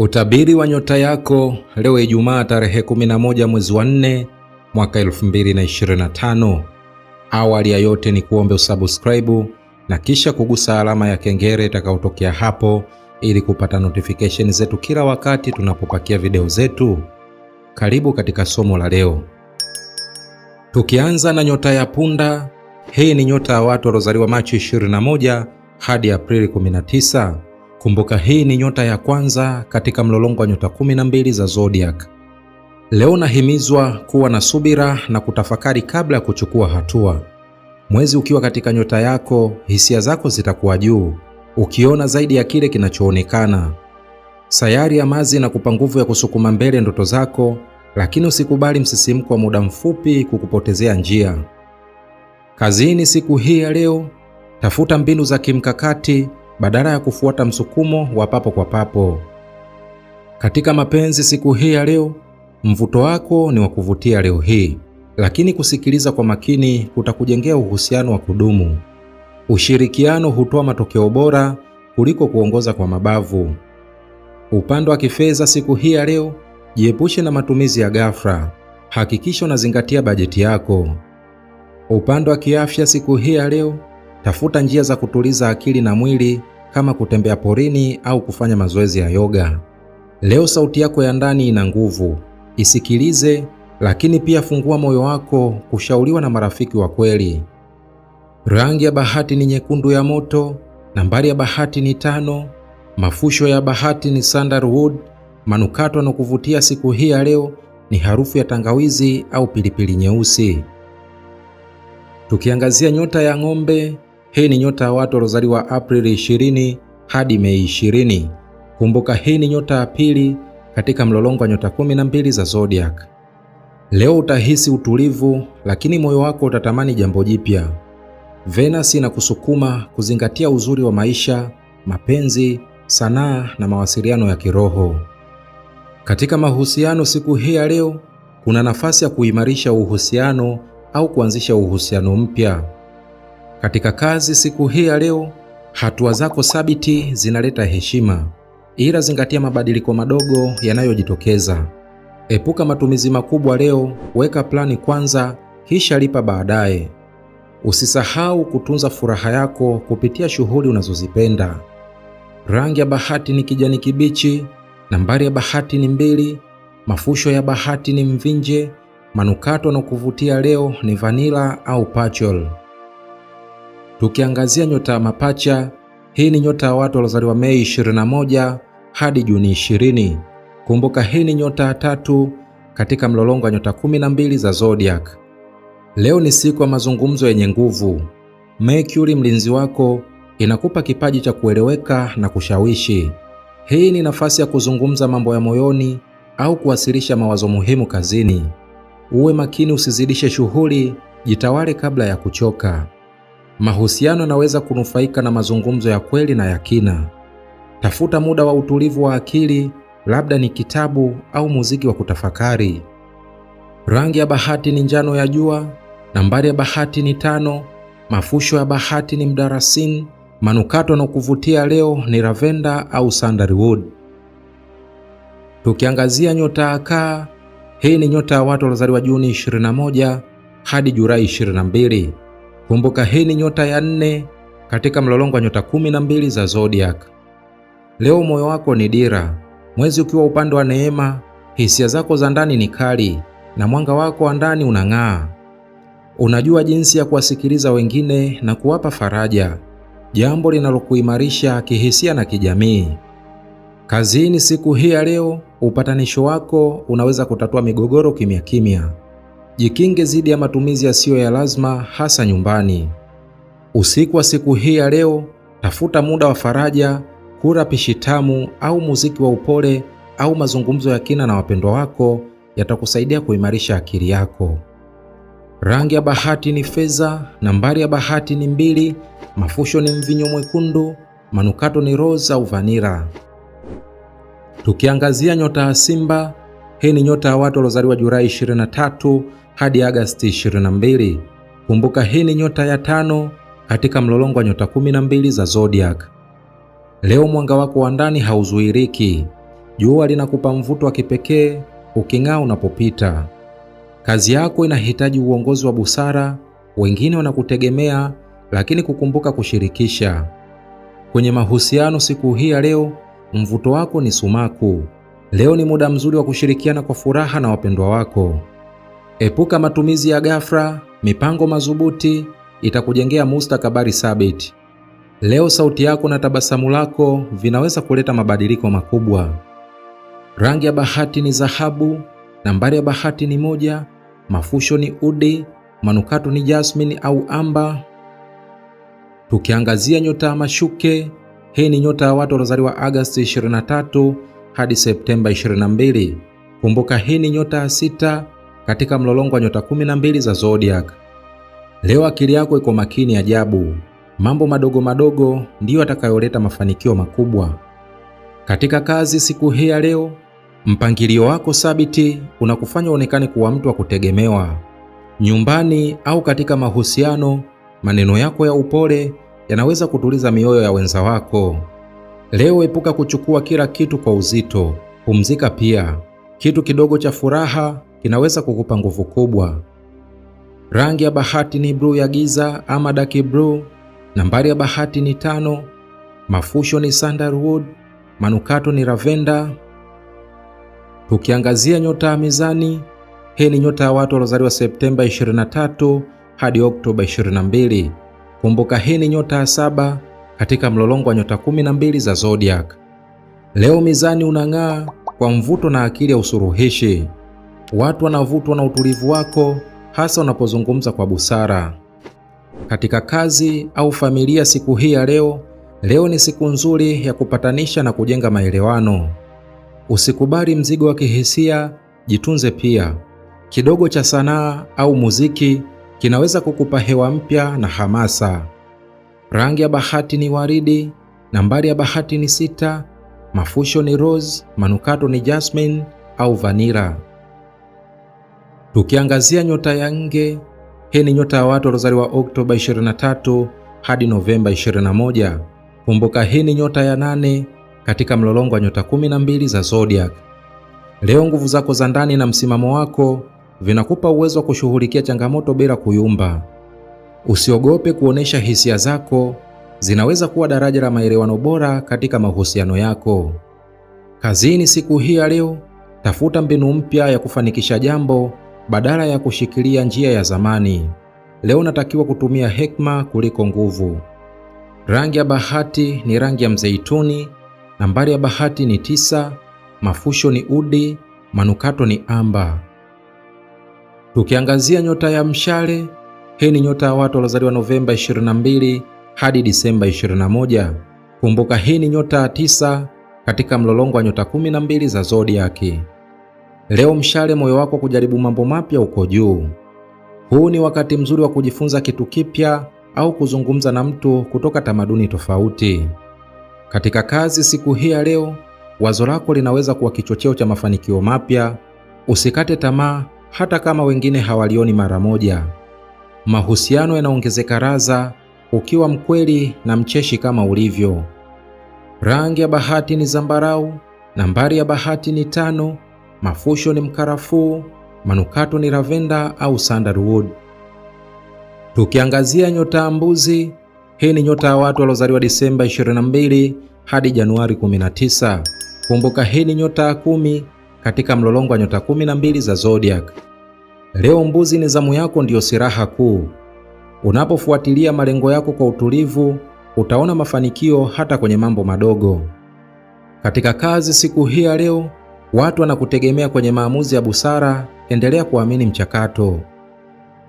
Utabiri wa nyota yako leo Ijumaa tarehe 11 mwezi wa 4 mwaka 2025. Awali ya yote ni kuombe usubscribe na kisha kugusa alama ya kengele itakayotokea hapo ili kupata notification zetu kila wakati tunapopakia video zetu. Karibu katika somo la leo, tukianza na nyota ya punda. Hii ni nyota ya watu waliozaliwa Machi 21 hadi Aprili 19. Kumbuka hii ni nyota ya kwanza katika mlolongo wa nyota 12 za zodiac. Leo nahimizwa kuwa na subira na kutafakari kabla ya kuchukua hatua. Mwezi ukiwa katika nyota yako, hisia zako zitakuwa juu, ukiona zaidi ya kile kinachoonekana. Sayari ya Mazi inakupa nguvu ya kusukuma mbele ndoto zako, lakini usikubali msisimko wa muda mfupi kukupotezea njia. Kazini siku hii ya leo, tafuta mbinu za kimkakati badala ya kufuata msukumo wa papo kwa papo. Katika mapenzi siku hii ya leo, mvuto wako ni wa kuvutia leo hii, lakini kusikiliza kwa makini kutakujengea uhusiano wa kudumu. Ushirikiano hutoa matokeo bora kuliko kuongoza kwa mabavu. Upande wa kifedha siku hii ya leo, jiepushe na matumizi ya ghafla, hakikisha unazingatia bajeti yako. Upande wa kiafya siku hii ya leo, Tafuta njia za kutuliza akili na mwili kama kutembea porini au kufanya mazoezi ya yoga. Leo sauti yako ya ndani ina nguvu, isikilize, lakini pia fungua moyo wako kushauriwa na marafiki wa kweli. Rangi ya bahati ni nyekundu ya moto, nambari ya bahati ni tano, mafusho ya bahati ni sandalwood. Manukato kuvutia siku hii ya leo ni harufu ya tangawizi au pilipili nyeusi. Tukiangazia nyota ya ng'ombe, hii ni nyota ya watu waliozaliwa Aprili 20 hadi Mei 20. Kumbuka hii ni nyota ya pili katika mlolongo wa nyota 12 za zodiac. Leo utahisi utulivu, lakini moyo wako utatamani jambo jipya. Venus inakusukuma kuzingatia uzuri wa maisha, mapenzi, sanaa na mawasiliano ya kiroho. Katika mahusiano siku hii ya leo, kuna nafasi ya kuimarisha uhusiano au kuanzisha uhusiano mpya. Katika kazi siku hii ya leo, hatua zako thabiti zinaleta heshima, ila zingatia mabadiliko madogo yanayojitokeza. Epuka matumizi makubwa leo, weka plani kwanza, kisha lipa baadaye. Usisahau kutunza furaha yako kupitia shughuli unazozipenda. Rangi ya bahati ni kijani kibichi, nambari ya bahati ni mbili, mafusho ya bahati ni mvinje, manukato na kuvutia leo ni vanila au patchouli tukiangazia nyota ya mapacha. Hii ni nyota ya watu waliozaliwa Mei 21 hadi Juni 20. Kumbuka, hii ni nyota ya tatu katika mlolongo wa nyota 12 za zodiac. Leo ni siku ya mazungumzo yenye nguvu. Mercury mlinzi wako inakupa kipaji cha kueleweka na kushawishi. Hii ni nafasi ya kuzungumza mambo ya moyoni au kuwasilisha mawazo muhimu kazini. Uwe makini, usizidishe shughuli, jitawale kabla ya kuchoka. Mahusiano yanaweza kunufaika na mazungumzo ya kweli na ya kina. Tafuta muda wa utulivu wa akili, labda ni kitabu au muziki wa kutafakari. Rangi ya bahati ni njano ya jua. Nambari ya bahati ni tano. Mafusho ya bahati ni mdarasin Manukato yanayokuvutia leo ni lavenda au sandalwood. Tukiangazia nyota ya Kaa, hii ni nyota ya watu waliozaliwa Juni 21 hadi Julai 22. Kumbuka hii ni nyota ya nne katika mlolongo wa nyota kumi na mbili za zodiac. Leo moyo wako ni dira, mwezi ukiwa upande wa neema, hisia zako za ndani ni kali na mwanga wako wa ndani unang'aa. Unajua jinsi ya kuwasikiliza wengine na kuwapa faraja, jambo linalokuimarisha kihisia na kijamii. Kazini siku hii ya leo, upatanisho wako unaweza kutatua migogoro kimya kimya. Jikinge dhidi ya matumizi yasiyo ya lazima, hasa nyumbani. Usiku wa siku hii ya leo, tafuta muda wa faraja, kula pishi tamu au muziki wa upole au mazungumzo ya kina na wapendwa wako yatakusaidia kuimarisha akili yako. Rangi ya bahati ni fedha, nambari ya bahati ni mbili, mafusho ni mvinyo mwekundu, manukato ni rose au vanira. Tukiangazia nyota ya Simba, hii ni nyota ya watu waliozaliwa Julai 23 hadi Agasti 22. Kumbuka, hii ni nyota ya tano katika mlolongo wa nyota 12 za zodiac. Leo mwanga wako wa ndani hauzuiriki. Jua linakupa mvuto wa kipekee uking'aa unapopita. Kazi yako inahitaji uongozi wa busara, wengine wanakutegemea, lakini kukumbuka kushirikisha. Kwenye mahusiano siku hii ya leo, mvuto wako ni sumaku. Leo ni muda mzuri wa kushirikiana kwa furaha na wapendwa wako. Epuka matumizi ya ghafla. Mipango madhubuti itakujengea mustakabali thabiti. Leo sauti yako na tabasamu lako vinaweza kuleta mabadiliko makubwa. Rangi ya bahati ni dhahabu, nambari ya bahati ni moja, mafusho ni udi, manukato ni jasmine au amba. Tukiangazia nyota ya mashuke, hii ni nyota ya watu waliozaliwa Agosti 23 hadi Septemba 22. Kumbuka hii ni nyota ya sita katika mlolongo wa nyota 12 za zodiac. Leo akili yako iko makini ajabu. Mambo madogo madogo ndiyo atakayoleta mafanikio makubwa katika kazi siku hii ya leo. Mpangilio wako thabiti unakufanya uonekane kuwa mtu wa kutegemewa. Nyumbani au katika mahusiano, maneno yako ya upole yanaweza kutuliza mioyo ya wenza wako. Leo epuka kuchukua kila kitu kwa uzito, pumzika pia. Kitu kidogo cha furaha kinaweza kukupa nguvu kubwa. Rangi ya bahati ni bluu ya giza ama dark blue. Nambari ya bahati ni tano. Mafusho ni sandalwood, manukato ni lavenda. Tukiangazia nyota ya mizani, hii ni nyota ya watu waliozaliwa Septemba 23 hadi Oktoba 22. Kumbuka, hii ni nyota ya saba katika mlolongo wa nyota kumi na mbili za zodiac. Leo mizani unang'aa kwa mvuto na akili ya usuluhishi. Watu wanavutwa na utulivu wako, hasa unapozungumza kwa busara. Katika kazi au familia, siku hii ya leo, leo ni siku nzuri ya kupatanisha na kujenga maelewano. Usikubali mzigo wa kihisia, jitunze pia. Kidogo cha sanaa au muziki kinaweza kukupa hewa mpya na hamasa. Rangi ya bahati ni waridi, nambari ya bahati ni sita, mafusho ni rose, manukato ni jasmine au vanira. Tukiangazia nyota ya nge, hii ni nyota ya watu waliozaliwa Oktoba 23 hadi Novemba 21. Kumbuka hii ni nyota ya nane katika mlolongo wa nyota 12 za zodiac. Leo nguvu zako za ndani na msimamo wako vinakupa uwezo wa kushughulikia changamoto bila kuyumba. Usiogope kuonesha hisia zako, zinaweza kuwa daraja la maelewano bora katika mahusiano yako. Kazini siku hii ya leo, tafuta mbinu mpya ya kufanikisha jambo badala ya kushikilia njia ya zamani. Leo natakiwa kutumia hekima kuliko nguvu. Rangi ya bahati ni rangi ya mzeituni. Nambari ya bahati ni tisa. Mafusho ni udi. Manukato ni amba. Tukiangazia nyota ya mshale, hii ni nyota ya watu waliozaliwa Novemba 22 hadi Disemba 21. Kumbuka hii ni nyota ya tisa katika mlolongo wa nyota 12 za zodiaki. Leo mshale moyo wako kujaribu mambo mapya uko juu. Huu ni wakati mzuri wa kujifunza kitu kipya au kuzungumza na mtu kutoka tamaduni tofauti. Katika kazi siku hii ya leo, wazo lako linaweza kuwa kichocheo cha mafanikio mapya. Usikate tamaa hata kama wengine hawalioni mara moja mahusiano yanaongezeka raza ukiwa mkweli na mcheshi kama ulivyo. Rangi ya bahati ni zambarau, nambari ya bahati ni tano, mafusho ni mkarafuu, manukato ni lavenda au sandalwood. Tukiangazia nyota ya mbuzi, hii ni nyota ya watu waliozaliwa Disemba 22 hadi Januari 19. Kumbuka, hii ni nyota ya kumi katika mlolongo wa nyota 12 za zodiac. Leo mbuzi ni zamu yako, ndiyo silaha kuu. Unapofuatilia malengo yako kwa utulivu, utaona mafanikio hata kwenye mambo madogo. Katika kazi siku hii ya leo, watu wanakutegemea kwenye maamuzi ya busara. Endelea kuamini mchakato.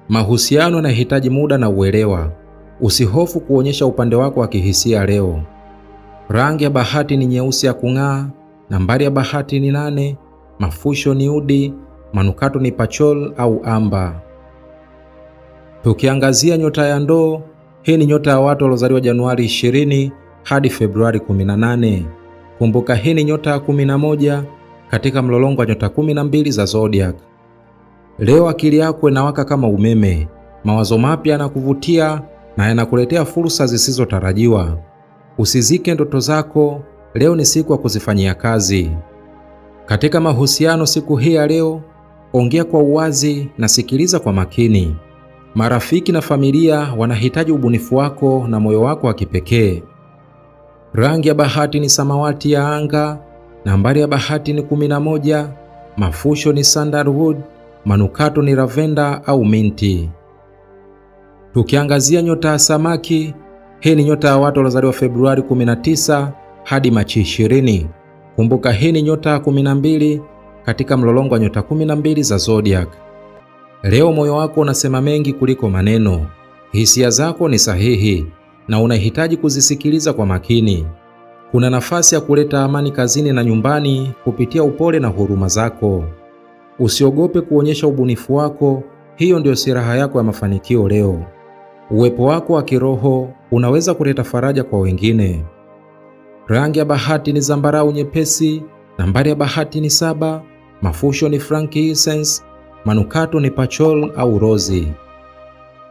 Mahusiano yanahitaji muda na uelewa. Usihofu kuonyesha upande wako wa kihisia leo. Rangi ya bahati ni nyeusi ya kung'aa. Nambari ya bahati ni nane. Mafusho ni udi. Manukato ni pachol au amba. Tukiangazia nyota ya ndoo, hii ni nyota ya watu waliozaliwa Januari 20 hadi Februari 18. Kumbuka hii ni nyota ya 11 katika mlolongo wa nyota 12 za zodiac. Leo akili yako inawaka kama umeme, mawazo mapya yanakuvutia na yanakuletea fursa zisizotarajiwa. Usizike ndoto zako, leo ni siku ya kuzifanyia kazi. Katika mahusiano siku hii ya leo, ongea kwa uwazi na sikiliza kwa makini. Marafiki na familia wanahitaji ubunifu wako na moyo wako wa kipekee. Rangi ya bahati ni samawati ya anga, nambari ya bahati ni moja, mafusho ni sandalwood, manukato ni lavenda au minti. Tukiangazia nyota ya samaki, hii ni nyota ya watu waliozaliwa Februari 19 hadi Machi 20. Kumbuka hii ni nyota ya 12 katika mlolongo wa nyota 12 za zodiac. Leo moyo wako unasema mengi kuliko maneno, hisia zako ni sahihi na unahitaji kuzisikiliza kwa makini. Kuna nafasi ya kuleta amani kazini na nyumbani kupitia upole na huruma zako. Usiogope kuonyesha ubunifu wako, hiyo ndiyo silaha yako ya mafanikio leo. Uwepo wako wa kiroho unaweza kuleta faraja kwa wengine. Rangi ya bahati ni zambarau nyepesi Nambari ya bahati ni saba. Mafusho ni frankincense, manukato ni pachol au rozi.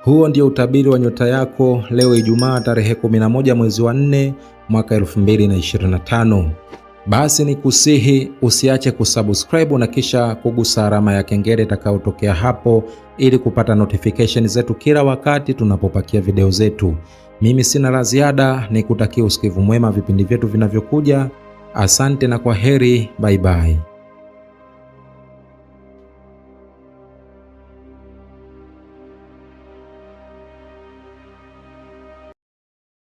Huo ndio utabiri wa nyota yako leo Ijumaa tarehe 11 mwezi wa 4 mwaka 2025. Basi ni kusihi usiache kusubscribe na kisha kugusa alama ya kengele itakayotokea hapo ili kupata notification zetu kila wakati tunapopakia video zetu. Mimi sina la ziada, nikutakia usikivu mwema vipindi vyetu vinavyokuja. Asante na kwa heri, bye bye.